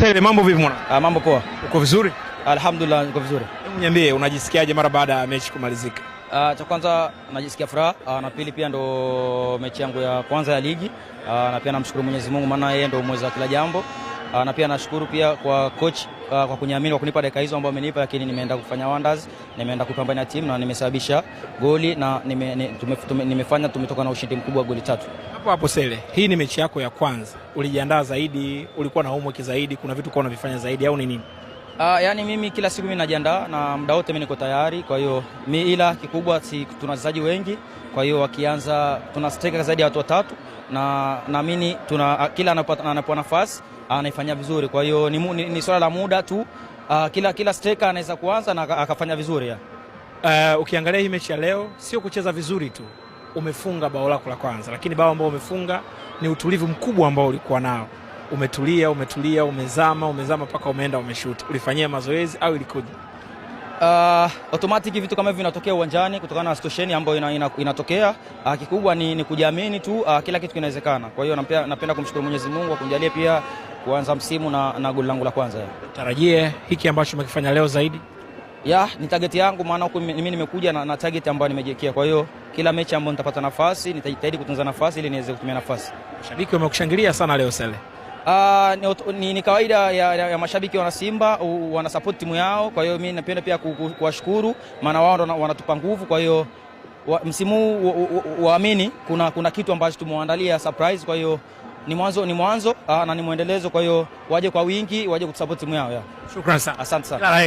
Sele, mambo vipi mwana? Ah, mambo poa. Uko vizuri? Alhamdulillah, niko vizuri. Hebu niambie unajisikiaje mara baada ya mechi kumalizika? Uh, cha kwanza najisikia furaha uh, na pili pia ndo mechi yangu ya kwanza ya ligi uh, na pia namshukuru Mwenyezi Mungu maana yeye ndo mweza kila jambo uh, na pia nashukuru pia kwa coach uh, kwa kuniamini kwa kunipa dakika hizo ambazo amenipa, lakini nimeenda kufanya wonders, nimeenda kupambania timu na nimesababisha goli na nime, nime, tume, tume, nimefanya tumetoka na ushindi mkubwa wa goli tatu. Hapo hapo Sele, hii ni mechi yako ya kwanza, ulijiandaa zaidi? Ulikuwa na homework zaidi? Kuna vitu kwa unavifanya zaidi au ni nini? Uh, ah, yani mimi kila siku mimi najiandaa na muda wote mimi niko tayari. Kwa hiyo mi ila kikubwa si tuna wachezaji wengi, kwa hiyo wakianza tuna striker zaidi ya watu watatu, na naamini tuna kila anapoa nafasi anaifanya vizuri. Kwa hiyo ni, ni, ni swala la muda tu. Uh, kila, kila striker anaweza kuanza na akafanya vizuri ya. Uh, ukiangalia hii mechi ya leo sio kucheza vizuri tu, umefunga bao lako la kwanza, lakini bao ambao umefunga ni utulivu mkubwa ambao ulikuwa nao umetulia umetulia umezama umezama mpaka umeenda umeshuti, ulifanyia mazoezi au ilikuja? Uh, automatic vitu kama hivi vinatokea uwanjani kutokana na situation ambayo ina, ina, inatokea. Uh, kikubwa ni, ni kujiamini tu. Uh, kila kitu kinawezekana. Kwa hiyo napenda napenda kumshukuru Mwenyezi Mungu kwa akunijalie pia kuanza msimu na, na goli langu la kwanza. Tarajie hiki ambacho umekifanya leo zaidi ya ni target yangu, maana huku mimi nimekuja na, na target ambayo nimejiwekea. Kwa hiyo kila mechi ambayo nitapata nafasi nitajitahidi kutunza nafasi ili niweze kutumia nafasi. Mashabiki wamekushangilia sana leo Sele. Uh, ni, ni kawaida ya, ya mashabiki wana Simba support timu yao, kwa hiyo mimi napenda pia kuwashukuru maana wao ndo wanatupa nguvu, kwa hiyo wa, msimu waamini kuna, kuna kitu ambacho tumewaandalia surprise, kwa hiyo ni mwanzo ni mwanzo ah, na ni mwendelezo, kwa hiyo waje kwa wingi, waje kutusapoti timu yao ya. Shukrani sana, asante sana.